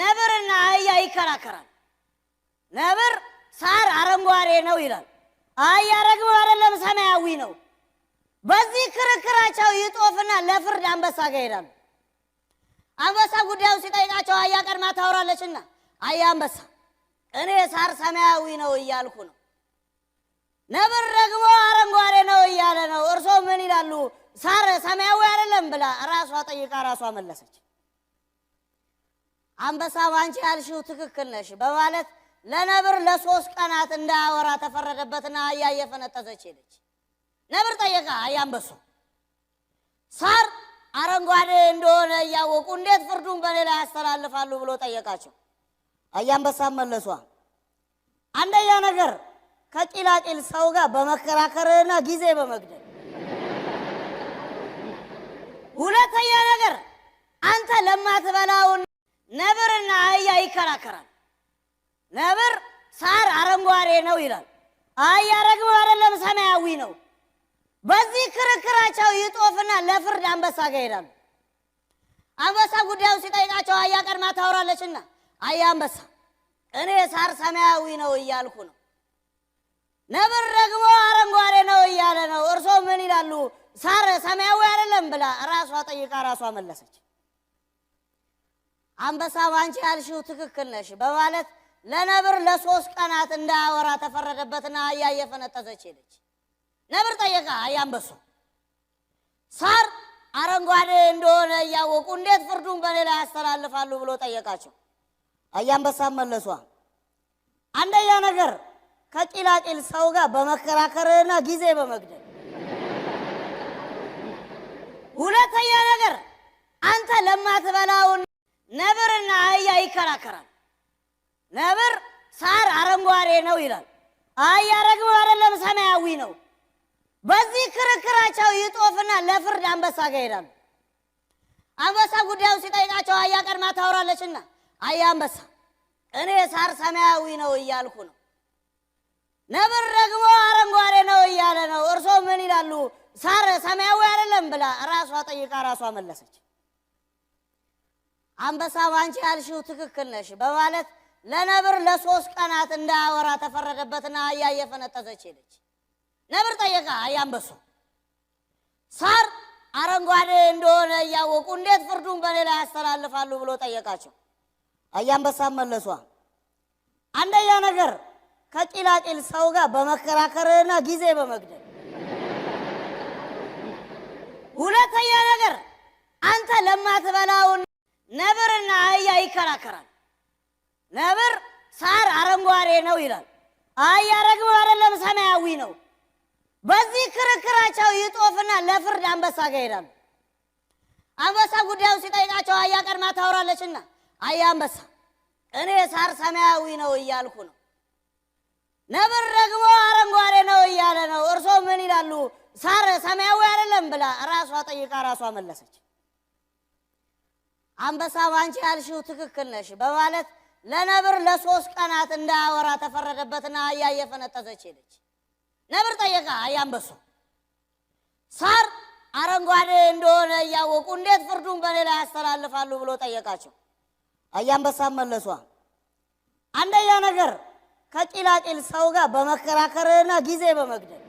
ነብርና አህያ ይከራከራል። ነብር ሳር አረንጓዴ ነው ይላል። አህያ ደግሞ አይደለም ሰማያዊ ነው። በዚህ ክርክራቸው ይጦፍና ለፍርድ አንበሳ ጋር ይሄዳሉ። አንበሳ ጉዳዩ ሲጠይቃቸው አህያ ቀድማ ታወራለችና፣ አህያ አንበሳ እኔ ሳር ሰማያዊ ነው እያልኩ ነው፣ ነብር ደግሞ አረንጓዴ ነው እያለ ነው። እርሶ ምን ይላሉ? ሳር ሰማያዊ አይደለም ብላ ራሷ ጠይቃ ራሷ መለሰች። አንበሳ አንቺ ያልሽው ትክክል ነሽ በማለት ለነብር ለሶስት ቀናት እንዳያወራ ተፈረደበትና አህያ እየፈነጠዘች ሄደች። ነብር ጠየቃ አያንበሶ ሳር አረንጓዴ እንደሆነ እያወቁ እንዴት ፍርዱን በኔ ላይ ያስተላልፋሉ ብሎ ጠየቃቸው። አህያ መለሷ አንደኛ ነገር ከቂላቂል ሰው ጋር በመከራከርና ጊዜ በመግደል፣ ሁለተኛ ነገር አንተ ለማትበላውን ነብርና አህያ ይከራከራል። ነብር ሳር አረንጓዴ ነው ይላል። አህያ ደግሞ አይደለም ሰማያዊ ነው። በዚህ ክርክራቸው ይጦፍና ለፍርድ አንበሳ ጋር ይሄዳሉ። አንበሳ ጉዳዩ ሲጠይቃቸው አህያ ቀድማ ታወራለችና፣ አህያ አንበሳ እኔ ሳር ሰማያዊ ነው እያልኩ ነው፣ ነብር ደግሞ አረንጓዴ ነው እያለ ነው። እርሶ ምን ይላሉ? ሳር ሰማያዊ አይደለም ብላ ራሷ ጠይቃ ራሷ መለሰች። አንበሳ አንቺ ያልሽው ትክክል ነሽ በማለት ለነብር ለሶስት ቀናት እንዳያወራ ተፈረደበትና አህያ እየፈነጠዘች ሄደች። ነብር ጠየቃ አህያ ሳር አረንጓዴ እንደሆነ እያወቁ እንዴት ፍርዱን በኔ ላይ ያስተላልፋሉ ብሎ ጠየቃቸው። አህያ መለሷ አንደኛ ነገር ከቂላቂል ሰው ጋር በመከራከርና ጊዜ በመግደል፣ ሁለተኛ ነገር አንተ ለማትበላውን ነብርና አህያ ይከራከራል። ነብር ሳር አረንጓዴ ነው ይላል። አህያ ደግሞ አይደለም ሰማያዊ ነው። በዚህ ክርክራቸው ይጦፍና ለፍርድ አንበሳ ጋር ይሄዳሉ። አንበሳ ጉዳዩ ሲጠይቃቸው አህያ ቀድማ ታወራለችና፣ አህያ አንበሳ እኔ ሳር ሰማያዊ ነው እያልኩ ነው፣ ነብር ደግሞ አረንጓዴ ነው እያለ ነው። እርሶ ምን ይላሉ? ሳር ሰማያዊ አይደለም ብላ ራሷ ጠይቃ ራሷ መለሰች። አንበሳ አንቺ ያልሽው ትክክል ነሽ በማለት ለነብር ለሶስት ቀናት እንዳያወራ ተፈረደበትና አህያ እየፈነጠዘች ሄደች። ነብር ጠየቃ አያንበሶ ሳር አረንጓዴ እንደሆነ እያወቁ እንዴት ፍርዱን በኔ ላይ ያስተላልፋሉ ብሎ ጠየቃቸው። አያንበሳ መለሷ አንደኛ ነገር ከቂላቂል ሰው ጋር በመከራከርና ጊዜ በመግደል፣ ሁለተኛ ነገር አንተ ለማትበላውን ነብርና አህያ ይከራከራል። ነብር ሳር አረንጓዴ ነው ይላል። አህያ ደግሞ አይደለም ሰማያዊ ነው። በዚህ ክርክራቸው ይጦፍና ለፍርድ አንበሳ ጋር ይሄዳሉ። አንበሳ ጉዳዩ ሲጠይቃቸው አህያ ቀድማ ታወራለችና፣ አህያ አንበሳ እኔ ሳር ሰማያዊ ነው እያልኩ ነው፣ ነብር ደግሞ አረንጓዴ ነው እያለ ነው። እርሶ ምን ይላሉ? ሳር ሰማያዊ አይደለም ብላ ራሷ ጠይቃ ራሷ መለሰች። አንበሳ አንቺ ያልሽው ትክክል ነሽ በማለት ለነብር ለሶስት ቀናት እንዳያወራ ተፈረደበትና አህያ እየፈነጠዘች ሄደች። ነብር ጠየቃ አህያ ሳር አረንጓዴ እንደሆነ እያወቁ እንዴት ፍርዱን በኔ ላይ ያስተላልፋሉ ብሎ ጠየቃቸው። አህያ አንበሳ መለሷ፣ አንደኛ ነገር ከቂላቂል ሰው ጋር በመከራከርና ጊዜ በመግደል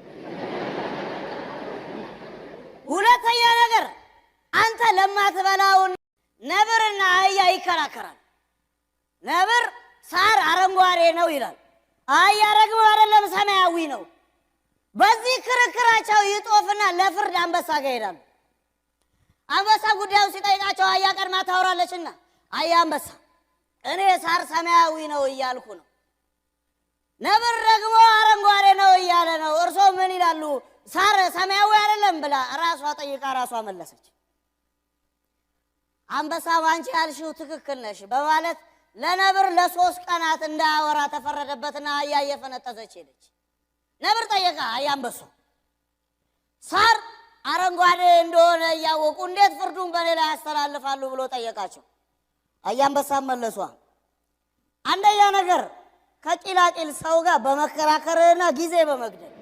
ይከራከራል። ነብር ሳር አረንጓዴ ነው ይላል። አይ አረግም አይደለም ሰማያዊ ነው። በዚህ ክርክራቸው ይጦፍና ለፍርድ አንበሳ ጋር ይሄዳሉ። አንበሳ ጉዳዩ ሲጠይቃቸው አያ ቀድማ ታወራለችና፣ አያ አንበሳ እኔ ሳር ሰማያዊ ነው እያልኩ ነው፣ ነብር ደግሞ አረንጓዴ ነው እያለ ነው። እርሶ ምን ይላሉ? ሳር ሰማያዊ አይደለም ብላ ራሷ ጠይቃ ራሷ መለሰች። አንበሳ አንቺ ያልሽው ትክክል ነሽ በማለት ለነብር ለሶስት ቀናት እንዳያወራ ተፈረደበትና አህያ እየፈነጠዘች ሄደች። ነብር ጠየቃ አህያ ሳር አረንጓዴ እንደሆነ እያወቁ እንዴት ፍርዱን በኔ ላይ ያስተላልፋሉ ብሎ ጠየቃቸው። አህያ መለሷ አንደኛ ነገር ከቂላቂል ሰው ጋር በመከራከርና ጊዜ በመግደል፣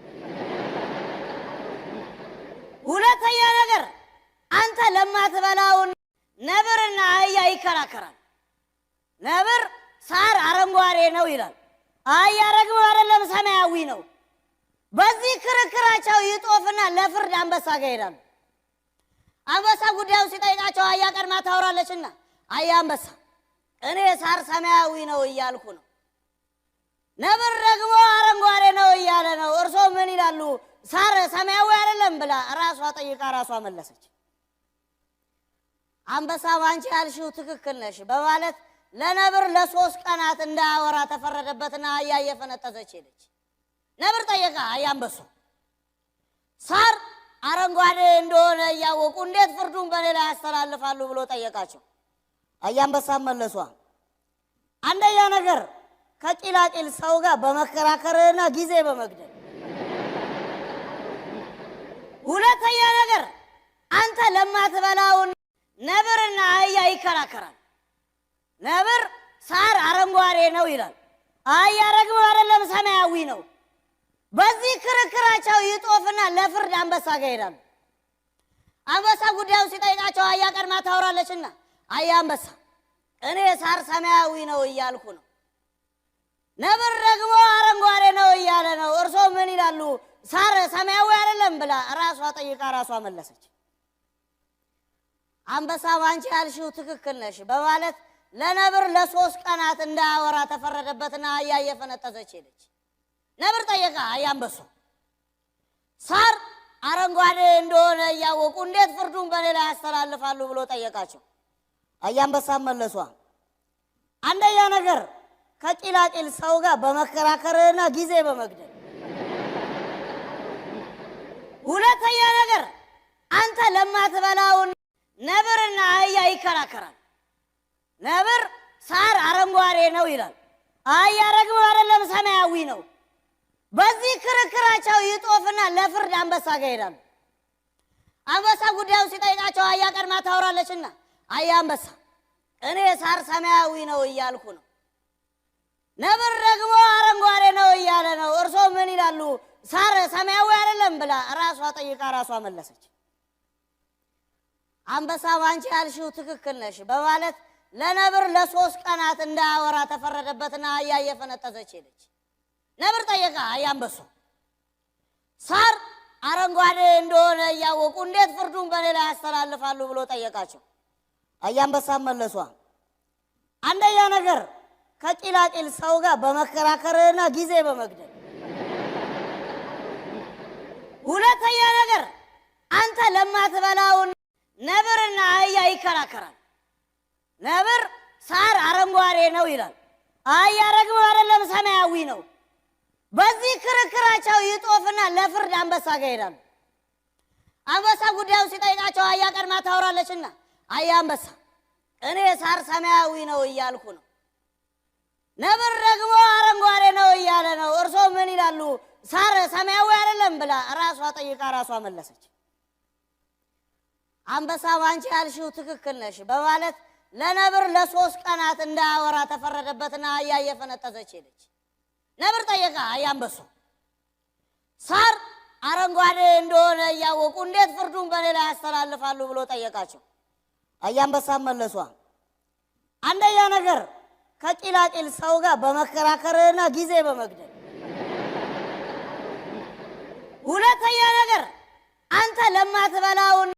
ሁለተኛ ነገር አንተ ለማትበላውን ነብርና አህያ ይከራከራል። ነብር ሳር አረንጓዴ ነው ይላል። አህያ ደግሞ አይደለም ሰማያዊ ነው። በዚህ ክርክራቸው ይጦፍና ለፍርድ አንበሳ ጋር ይሄዳሉ። አንበሳ ጉዳዩ ሲጠይቃቸው አህያ ቀድማ ታወራለችና፣ አህያ አንበሳ እኔ ሳር ሰማያዊ ነው እያልኩ ነው፣ ነብር ደግሞ አረንጓዴ ነው እያለ ነው። እርሶ ምን ይላሉ? ሳር ሰማያዊ አይደለም ብላ ራሷ ጠይቃ ራሷ መለሰች። አንበሳ አንቺ ያልሽው ትክክል ነሽ በማለት ለነብር ለሶስት ቀናት እንዳያወራ ተፈረደበትና አህያ እየፈነጠዘች ሄደች። ነብር ጠየቃ አህያ አንበሱ ሳር አረንጓዴ እንደሆነ እያወቁ እንዴት ፍርዱን በኔ ላይ ያስተላልፋሉ ብሎ ጠየቃቸው። አያንበሳ መለሷ አንደኛ ነገር ከቂላቂል ሰው ጋር በመከራከርና ጊዜ በመግደል ሁለተኛ ነገር አንተ ለማትበላውን ነብርና አህያ ይከራከራል። ነብር ሳር አረንጓዴ ነው ይላል። አህያ ደግሞ አይደለም ሰማያዊ ነው። በዚህ ክርክራቸው ይጦፍና ለፍርድ አንበሳ ጋ ይሄዳሉ። አንበሳ ጉዳዩን ሲጠይቃቸው አህያ ቀድማ ታወራለችና፣ አህያ አንበሳ እኔ ሳር ሰማያዊ ነው እያልኩ ነው፣ ነብር ደግሞ አረንጓዴ ነው እያለ ነው። እርሶ ምን ይላሉ? ሳር ሰማያዊ አይደለም ብላ ራሷ ጠይቃ ራሷ መለሰች። አንበሳ አንቺ ያልሽው ትክክል ነሽ በማለት ለነብር ለሶስት ቀናት እንዳያወራ ተፈረደበትና አህያ እየፈነጠዘች ሄደች። ነብር ጠየቃ አህያ ሳር አረንጓዴ እንደሆነ እያወቁ እንዴት ፍርዱን በኔ ላይ ያስተላልፋሉ ብሎ ጠየቃቸው። አያንበሳ መለሷ አንደኛ ነገር ከቂላቂል ሰው ጋር በመከራከርና ጊዜ በመግደል ሁለተኛ ነገር አንተ ለማትበላውን ነብርና አህያ ይከራከራል። ነብር ሳር አረንጓዴ ነው ይላል፣ አህያ ደግሞ አይደለም ሰማያዊ ነው። በዚህ ክርክራቸው ይጦፍና ለፍርድ አንበሳ ጋር ይሄዳሉ። አንበሳ ጉዳዩ ሲጠይቃቸው አህያ ቀድማ ታወራለችና፣ አህያ አንበሳ እኔ ሳር ሰማያዊ ነው እያልኩ ነው፣ ነብር ደግሞ አረንጓዴ ነው እያለ ነው። እርሶ ምን ይላሉ? ሳር ሰማያዊ አይደለም ብላ ራሷ ጠይቃ ራሷ መለሰች። አንበሳ አንቺ ያልሽው ትክክል ነሽ በማለት ለነብር ለሶስት ቀናት እንዳያወራ ተፈረደበትና አህያ እየፈነጠዘች ሄደች። ነብር ጠየቃ አህያ ሳር አረንጓዴ እንደሆነ እያወቁ እንዴት ፍርዱን በኔ ላይ ያስተላልፋሉ ብሎ ጠየቃቸው። አያንበሳ መለሷ አንደኛ ነገር ከቂላቂል ሰው ጋር በመከራከርና ጊዜ በመግደል፣ ሁለተኛ ነገር አንተ ለማትበላውን ነብርና አህያ ይከራከራል። ነብር ሳር አረንጓዴ ነው ይላል፣ አህያ ደግሞ አይደለም ሰማያዊ ነው። በዚህ ክርክራቸው ይጦፍና ለፍርድ አንበሳ ጋር ይሄዳሉ። አንበሳ ጉዳዩ ሲጠይቃቸው አህያ ቀድማ ታወራለችና፣ አህያ አንበሳ እኔ ሳር ሰማያዊ ነው እያልኩ ነው፣ ነብር ደግሞ አረንጓዴ ነው እያለ ነው። እርሶ ምን ይላሉ? ሳር ሰማያዊ አይደለም ብላ ራሷ ጠይቃ ራሷ መለሰች። አንበሳ አንቺ ያልሽው ትክክል ነሽ በማለት ለነብር ለሶስት ቀናት እንዳያወራ ተፈረደበትና አህያ እየፈነጠዘች ሄደች። ነብር ጠየቃ አህያ ሳር አረንጓዴ እንደሆነ እያወቁ እንዴት ፍርዱን በኔ ላይ ያስተላልፋሉ ብሎ ጠየቃቸው። አያንበሳ መለሷ አንደኛ ነገር ከቂላቂል ሰው ጋር በመከራከርና ጊዜ በመግደል፣ ሁለተኛ ነገር አንተ ለማትበላውን